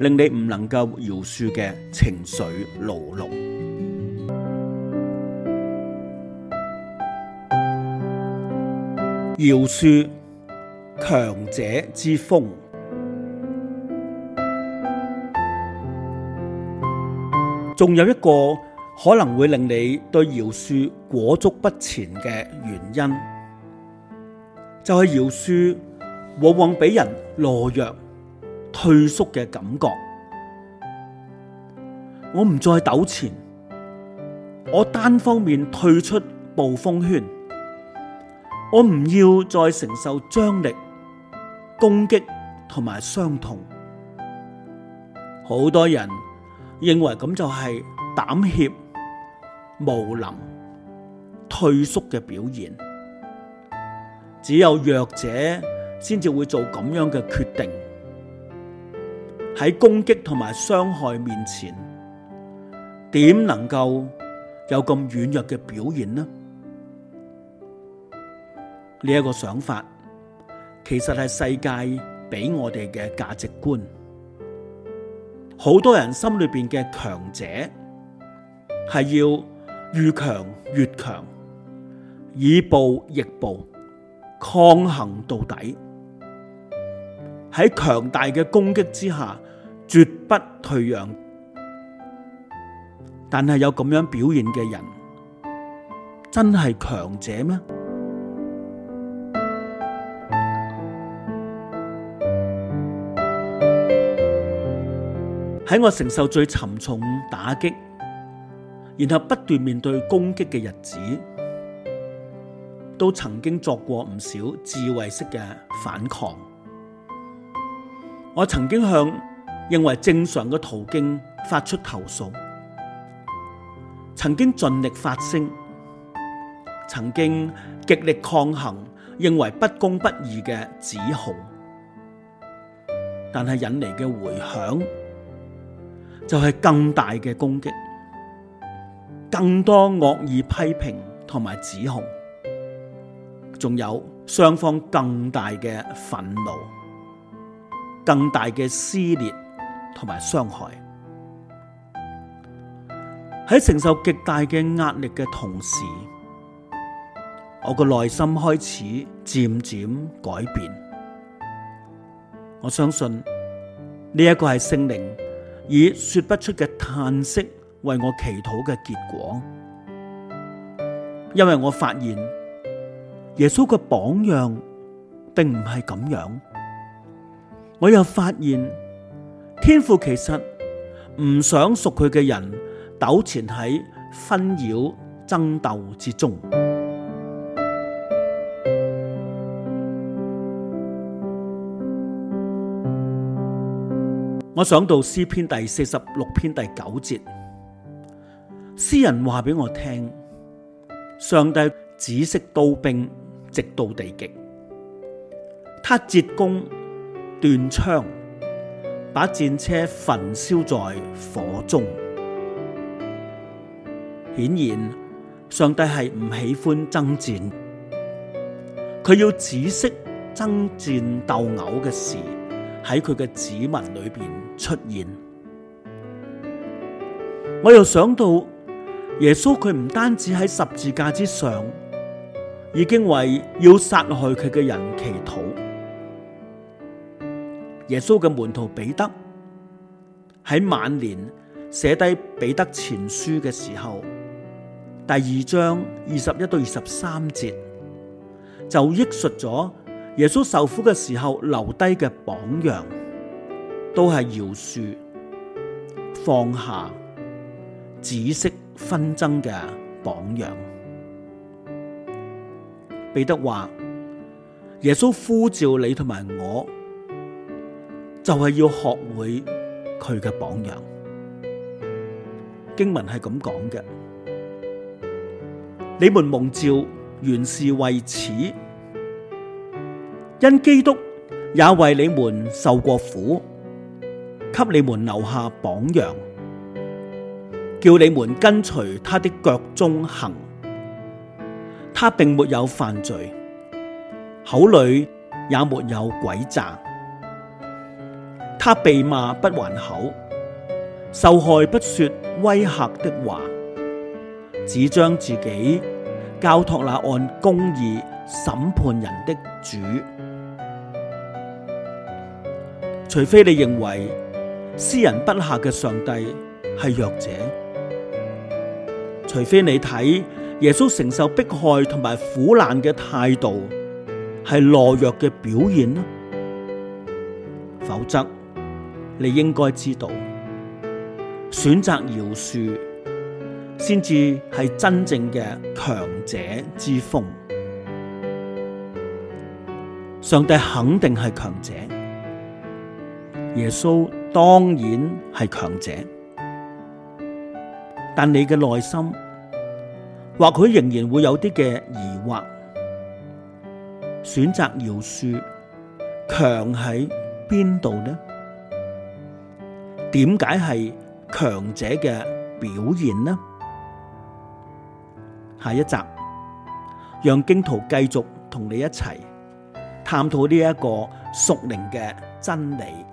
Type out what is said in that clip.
令你唔能夠饒恕嘅情緒牢籠，饒恕強者之風。仲有一個可能會令你對饒恕裹足不前嘅原因，就係饒恕往往俾人懦弱。退縮嘅感覺，我唔再糾纏，我單方面退出暴風圈，我唔要再承受張力、攻擊同埋傷痛。好多人認為咁就係膽怯、無能、退縮嘅表現，只有弱者先至會做咁樣嘅決定。喺攻擊同埋傷害面前，點能夠有咁軟弱嘅表現呢？呢一個想法，其實係世界俾我哋嘅價值觀。好多人心裏邊嘅強者，係要遇強越強，以暴易暴，抗衡到底。喺強大嘅攻擊之下。絕不退讓，但係有咁樣表現嘅人，真係強者咩？喺我承受最沉重打擊，然後不斷面對攻擊嘅日子，都曾經作過唔少智慧式嘅反抗。我曾經向。認為正常嘅途徑發出投訴，曾經盡力發聲，曾經極力抗衡，認為不公不義嘅指控，但係引嚟嘅回響就係更大嘅攻擊，更多惡意批評同埋指控，仲有雙方更大嘅憤怒，更大嘅撕裂。同埋傷害，喺承受極大嘅壓力嘅同時，我個內心開始漸漸改變。我相信呢一個係聖靈以說不出嘅嘆息為我祈禱嘅結果，因為我發現耶穌嘅榜樣並唔係咁樣，我又發現。天父其實唔想屬佢嘅人糾纏喺紛擾爭鬥之中。我想到詩篇第四十六篇第九節，詩人話俾我聽：上帝止息刀兵，直到地極，他折弓斷槍。把戰車焚燒在火中，顯然上帝係唔喜歡爭戰，佢要止息爭戰鬥毆嘅事喺佢嘅子民裏邊出現。我又想到耶穌佢唔單止喺十字架之上，已經為要殺害佢嘅人祈禱。耶穌嘅門徒彼得喺晚年寫低《彼得前書》嘅時候，第二章二十一到二十三節就憶述咗耶穌受苦嘅時候留低嘅榜樣，都係饒恕、放下、止息紛爭嘅榜樣。彼得話：耶穌呼召你同埋我。就係、是、要學會佢嘅榜樣，經文係咁講嘅：你們蒙召，原是為此，因基督也為你們受過苦，給你們留下榜樣，叫你們跟隨他的腳蹤行。他並沒有犯罪，口裏也沒有詭詐。他被罵不還口，受害不說威嚇的話，只將自己交託那按公義審判人的主。除非你認為私人不下嘅上帝係弱者，除非你睇耶穌承受迫害同埋苦難嘅態度係懦弱嘅表現，否則。你應該知道，選擇饒恕先至係真正嘅強者之風。上帝肯定係強者，耶穌當然係強者，但你嘅內心或許仍然會有啲嘅疑惑。選擇饒恕，強喺邊度呢？點解係強者嘅表現呢？下一集讓荊徒繼續同你一齊探討呢一個屬靈嘅真理。